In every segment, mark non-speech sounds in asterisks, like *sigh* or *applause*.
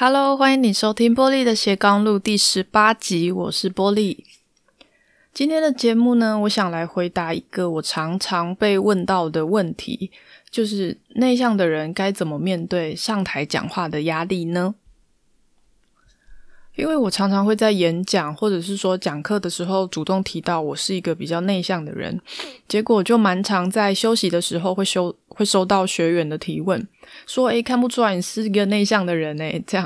哈嘍，Hello, 歡迎你收聽 Paulie 的斜槓錄第十八集，我是 Paulie。今天的節目呢，我想來回答一個我常常被問到的問題，就是內向的人該怎麼面對上台講話的壓力呢？因為我常常會在演講或者是說講課的時候主動提到，我是一個比較內向的人，結果就蠻常在休息的時候會收。會收到學員的提問，說：“哎，看不出來你是一個內向的人誒。”這樣，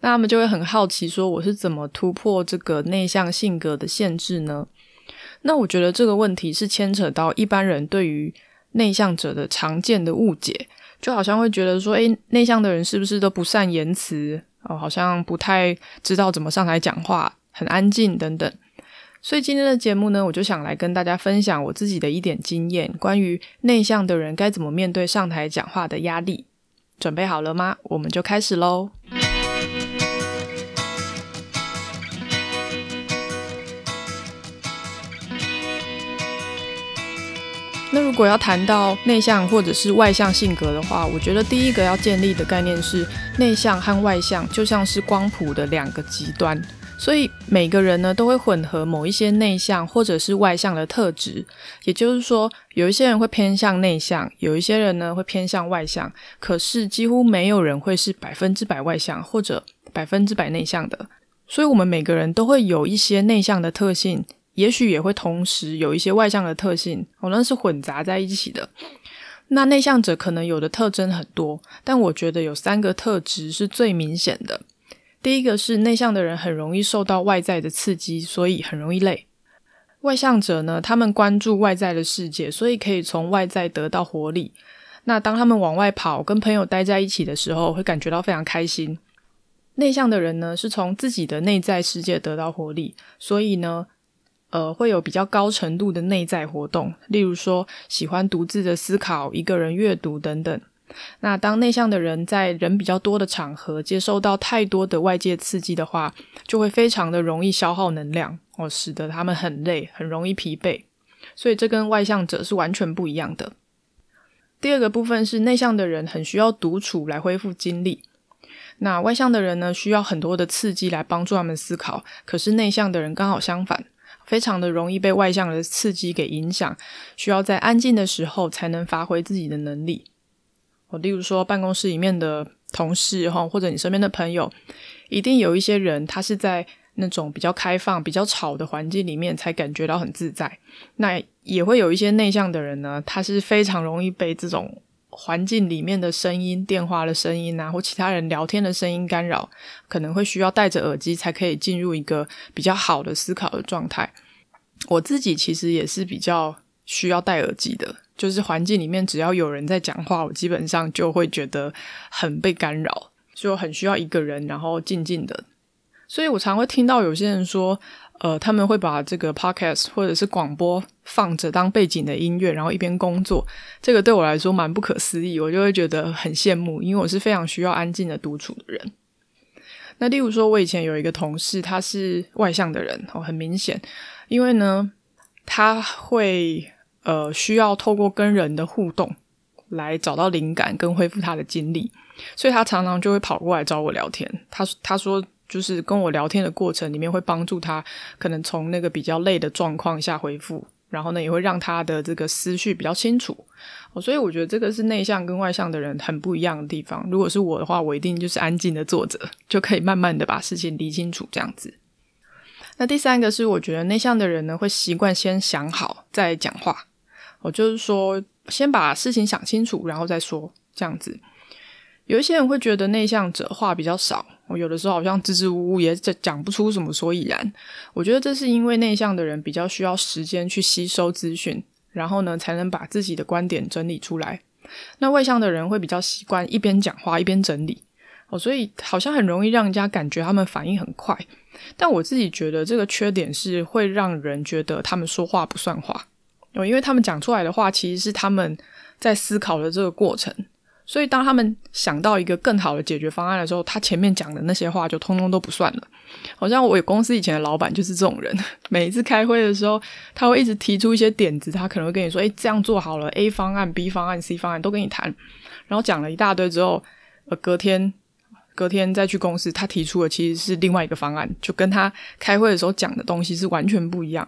那他們就會很好奇，說：“我是怎麼突破這個內向性格的限制呢？”那我覺得這個問題是牽扯到一般人對於內向者的常見的誤解，就好像會覺得說：“哎，內向的人是不是都不善言辭哦？好像不太知道怎麼上台講話，很安靜等等。”所以今天的節目呢，我就想來跟大家分享我自己的一點經驗，關於內向的人該怎麼面對上台講話的壓力。準備好了嗎？我們就開始嘍。那如果要談到內向或者是外向性格的話，我覺得第一個要建立的概念是，內向和外向就像是光譜的兩個極端。所以每個人呢都會混合某一些內向或者是外向的特質，也就是說，有一些人會偏向內向，有一些人呢會偏向外向。可是幾乎沒有人會是百分之百外向或者百分之百內向的。所以，我們每個人都會有一些內向的特性，也許也會同時有一些外向的特性，我、哦、那是混雜在一起的。那內向者可能有的特徵很多，但我覺得有三個特質是最明顯的。第一個是內向的人很容易受到外在的刺激，所以很容易累。外向者呢，他們關注外在的世界，所以可以從外在得到活力。那當他們往外跑，跟朋友待在一起的時候，會感覺到非常開心。內向的人呢，是從自己的內在世界得到活力，所以呢，呃，會有比較高程度的內在活動，例如說喜歡獨自的思考、一個人閱讀等等。那當內向的人在人比較多的場合，接受到太多的外界刺激的話，就會非常的容易消耗能量，哦，使得他們很累，很容易疲憊。所以這跟外向者是完全不一樣的。第二個部分是內向的人很需要獨處來恢復精力。那外向的人呢，需要很多的刺激來幫助他們思考。可是內向的人剛好相反，非常的容易被外向的刺激給影響，需要在安靜的時候才能發揮自己的能力。我例如說，辦公室裡面的同事哈，或者你身邊的朋友，一定有一些人，他是在那種比較開放、比較吵的環境裡面才感覺到很自在。那也會有一些內向的人呢，他是非常容易被這種環境裡面的聲音、電話的聲音啊，或其他人聊天的聲音干擾，可能會需要戴着耳機才可以進入一個比較好的思考的狀態。我自己其實也是比較需要戴耳機的，就是環境裡面只要有人在講話，我基本上就會覺得很被干擾，就很需要一個人，然後靜靜的。所以我常會聽到有些人說，呃，他們會把這個 podcast 或者是廣播放着當背景的音樂，然後一邊工作。這個對我來說蠻不可思議，我就會覺得很羨慕，因為我是非常需要安靜的獨處的人。那例如說，我以前有一個同事，他是外向的人哦，很明顯，因為呢，他會。呃，需要透過跟人的互動來找到靈感，跟恢復他的精力，所以他常常就會跑過來找我聊天。他他說就是跟我聊天的過程裡面會幫助他，可能從那個比較累的狀況下恢復，然後呢也會讓他的這個思緒比較清楚。哦，所以我覺得這個是內向跟外向的人很不一樣的地方。如果是我的話，我一定就是安靜的坐着，就可以慢慢的把事情理清楚這樣子。那第三個是我覺得內向的人呢會習慣先想好再講話。我、哦、就是說，先把事情想清楚，然後再說這樣子。有一些人會覺得內向者話比較少，我、哦、有的時候好像支支吾吾，也講不出什麼所以然。我覺得這是因為內向的人比較需要時間去吸收資訊，然後呢才能把自己的觀點整理出來。那外向的人會比較習慣一邊講話一邊整理，哦，所以好像很容易讓人家感覺他們反應很快。但我自己覺得這個缺點是會讓人覺得他們說話不算話。有，因為他們講出來的話，其實是他們在思考的這個過程。所以，當他們想到一個更好的解決方案的時候，他前面講的那些話就通通都不算了。好像我公司以前的老闆就是這種人。每一次開會的時候，他會一直提出一些點子，他可能會跟你說：“哎、欸，這樣做好了。”A 方案、B 方案、C 方案都跟你談，然後講了一大堆之後，呃，隔天，隔天再去公司，他提出的其實是另外一個方案，就跟他開會的時候講的東西是完全不一樣。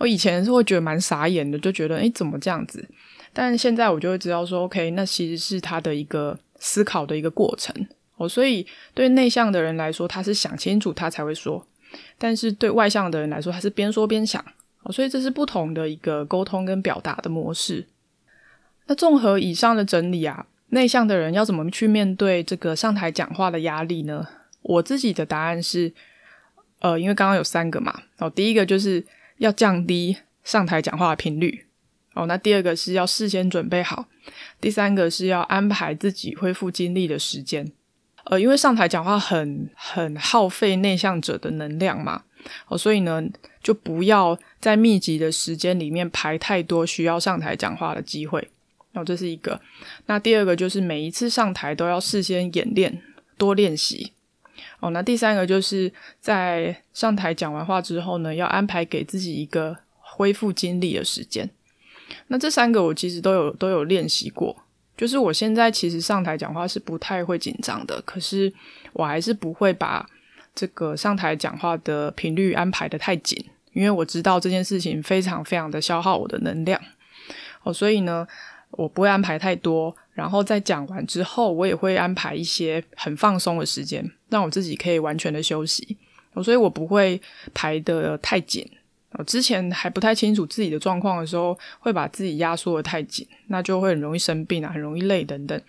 我以前是會覺得蠻傻眼的，就覺得誒怎麼這樣子？但現在我就會知道說，OK，那其實是他的一個思考的一個過程哦。所以對內向的人來說，他是想清楚他才會說；但是對外向的人來說，他是邊說邊想哦。所以這是不同的一個溝通跟表達的模式。那綜合以上的整理啊，內向的人要怎麼去面對這個上台講話的壓力呢？我自己的答案是，呃，因為剛剛有三個嘛哦，第一個就是。要降低上台講話的頻率，哦，那第二個是要事先準備好，第三個是要安排自己恢復精力的時間，呃，因為上台講話很很耗費內向者的能量嘛，哦，所以呢，就不要在密集的時間裡面排太多需要上台講話的機會，哦，這是一個。那第二個就是每一次上台都要事先演練，多練習。哦，那第三個就是在上台講完話之後呢，要安排給自己一個恢復精力的時間。那這三個我其實都有都有練習過，就是我現在其實上台講話是不太會緊張的，可是我還是不會把這個上台講話的頻率安排得太緊，因為我知道這件事情非常非常的消耗我的能量。哦，所以呢。我不會安排太多，然後在講完之後，我也會安排一些很放鬆的時間，讓我自己可以完全的休息。所以我不會排得太緊。我之前還不太清楚自己的狀況的時候，會把自己壓縮得太緊，那就會很容易生病啊，很容易累等等。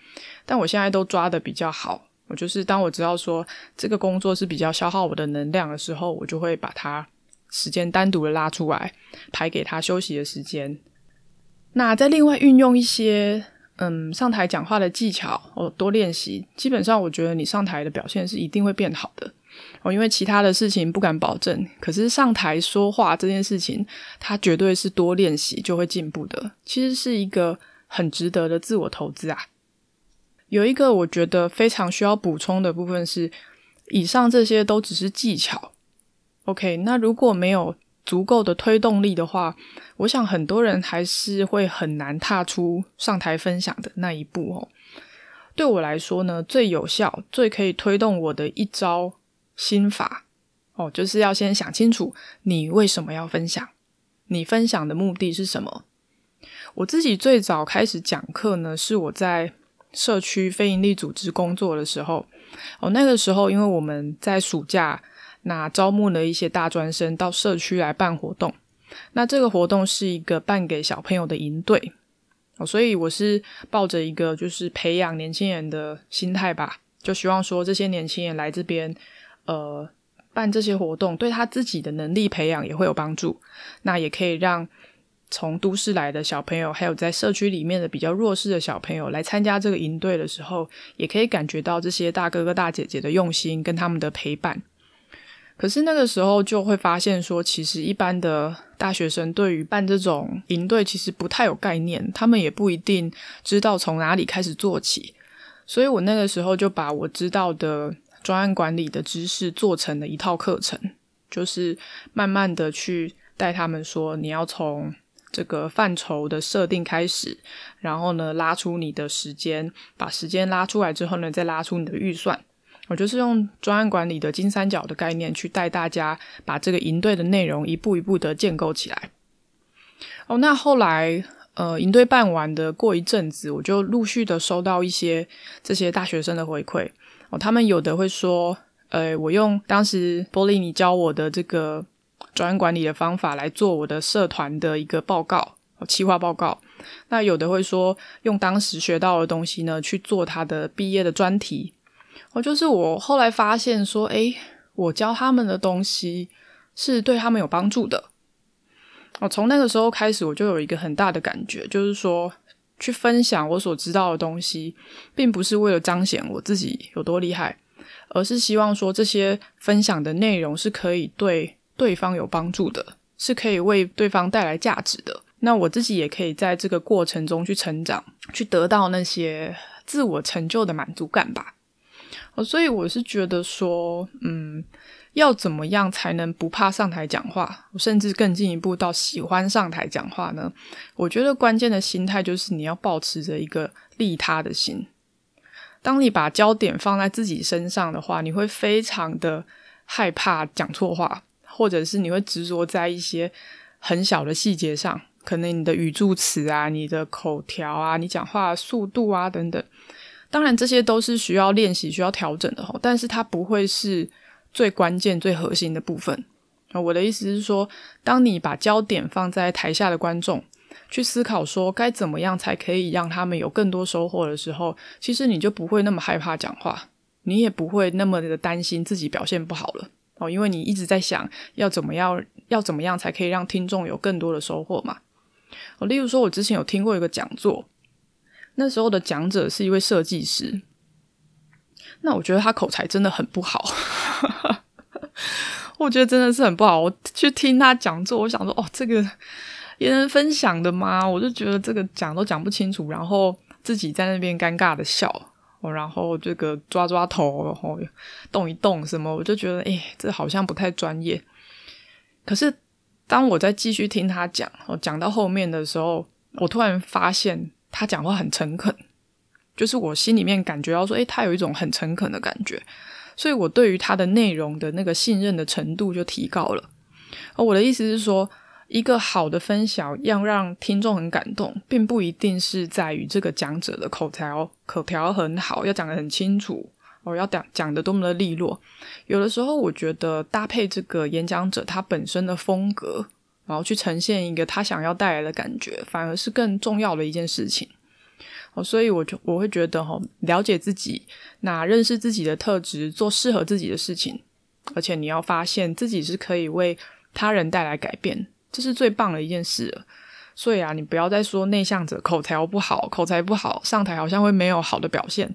但我現在都抓得比較好。我就是當我知道說這個工作是比較消耗我的能量的時候，我就會把它時間單獨的拉出來，排給他休息的時間。那再另外運用一些嗯，上台講話的技巧，哦，多練習，基本上我覺得你上台的表現是一定會變好的。哦，因為其他的事情不敢保證，可是上台說話這件事情，它絕對是多練習就會進步的。其實是一個很值得的自我投資啊。有一個我覺得非常需要補充的部分是，以上這些都只是技巧。OK，那如果沒有。足夠的推動力的話，我想很多人還是會很難踏出上台分享的那一步哦。對我來說呢，最有效、最可以推動我的一招心法哦，就是要先想清楚你為什麼要分享，你分享的目的是什麼。我自己最早開始講課呢，是我在社區非營利組織工作的時候哦。那個時候，因為我們在暑假。那招募了一些大專生到社區來辦活動，那這個活動是一個辦給小朋友的營隊，哦，所以我是抱着一個就是培養年輕人的心態吧，就希望說這些年輕人來這邊，呃，辦這些活動對他自己的能力培養也會有幫助，那也可以讓從都市來的小朋友，還有在社區裡面的比較弱勢的小朋友來參加這個營隊的時候，也可以感覺到這些大哥哥大姐姐的用心跟他們的陪伴。可是那個時候就會發現說，其實一般的大學生對於辦這種營隊其實不太有概念，他們也不一定知道從哪裡開始做起。所以我那個時候就把我知道的專案管理的知識做成了一套課程，就是慢慢的去帶他們說，你要從這個範疇的設定開始，然後呢拉出你的時間，把時間拉出來之後呢，再拉出你的預算。我就是用專案管理的金三角的概念去帶大家把這個營隊的內容一步一步的建構起來。哦，那後來呃，營隊辦完的過一陣子，我就陸續的收到一些這些大學生的回饋。哦，他們有的會說，呃、欸，我用當時 Paulie 教我的這個專案管理的方法來做我的社團的一個報告、企劃報告。那有的會說，用當時學到的東西呢去做他的畢業的專題。我、哦、就是我，後來發現說，誒，我教他們的東西是對他們有幫助的。我、哦、從那個時候開始，我就有一個很大的感覺，就是說，去分享我所知道的東西，並不是為了彰顯我自己有多厲害，而是希望說，這些分享的內容是可以對對方有幫助的，是可以為對方帶來價值的。那我自己也可以在這個過程中去成長，去得到那些自我成就的滿足感吧。所以我是覺得說，嗯，要怎麼樣才能不怕上台講話？甚至更進一步到喜歡上台講話呢？我覺得關鍵的心態就是你要保持着一個利他的心。當你把焦點放在自己身上的話，你會非常的害怕講錯話，或者是你會執着在一些很小的細節上，可能你的語助詞啊、你的口條啊、你講話的速度啊等等。當然，這些都是需要練習、需要調整的哈，但是它不會是最關鍵、最核心的部分。我的意思是說，當你把焦點放在台下的觀眾，去思考說該怎麼樣才可以讓他們有更多收穫的時候，其實你就不會那麼害怕講話，你也不會那麼的擔心自己表現不好了哦，因為你一直在想要怎麼樣、要怎麼樣才可以讓聽眾有更多的收穫嘛。哦，例如說，我之前有聽過一個講座。那時候的講者是一位設計師，那我覺得他口才真的很不好， *laughs* 我覺得真的是很不好。我去聽他講座，我想說哦，這個也能分享的嗎？我就覺得這個講都講不清楚，然後自己在那邊尷尬的笑、哦，然後這個抓抓頭，然後、哦、動一動什麼，我就覺得誒、欸、這好像不太專業。可是當我在繼續聽他講，講到、哦、後面的時候，我突然發現。他講話很誠懇，就是我心裡面感覺到說，誒，他有一種很誠懇的感覺，所以我對於他的內容的那個信任的程度就提高了。而我的意思是說，一個好的分享要讓聽眾很感動，並不一定是在於這個講者的口才哦，口條很好，要講得很清楚，哦，要講講得多麼的利落。有的時候，我覺得搭配這個演講者他本身的風格。然後去呈現一個他想要帶來的感覺，反而是更重要的一件事情。哦，所以我就我會覺得哈、哦，了解自己，那認識自己的特質，做適合自己的事情，而且你要發現自己是可以為他人帶來改變，這是最棒的一件事。所以啊，你不要再說內向者口才不好，口才不好，上台好像會沒有好的表現。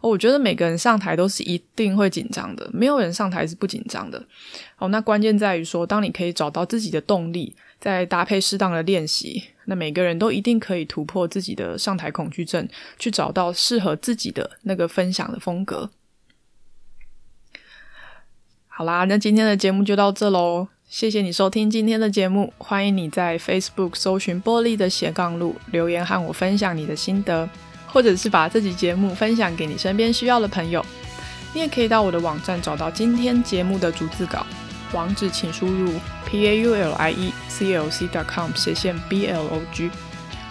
哦，我覺得每個人上台都是一定會緊張的，沒有人上台是不緊張的。哦，那關鍵在於說，當你可以找到自己的動力，再搭配適當的練習，那每個人都一定可以突破自己的上台恐懼症，去找到適合自己的那個分享的風格。好啦，那今天的節目就到這嘍。謝謝你收聽今天的節目，歡迎你在 Facebook 搜尋“玻璃的斜槓路”，留言和我分享你的心得，或者是把這集節目分享給你身邊需要的朋友。你也可以到我的網站找到今天節目的逐字稿，網址請輸入 paulieclc.com 斜線 blog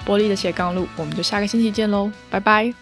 玻璃的斜槓路，我們就下個星期見嘍，拜拜。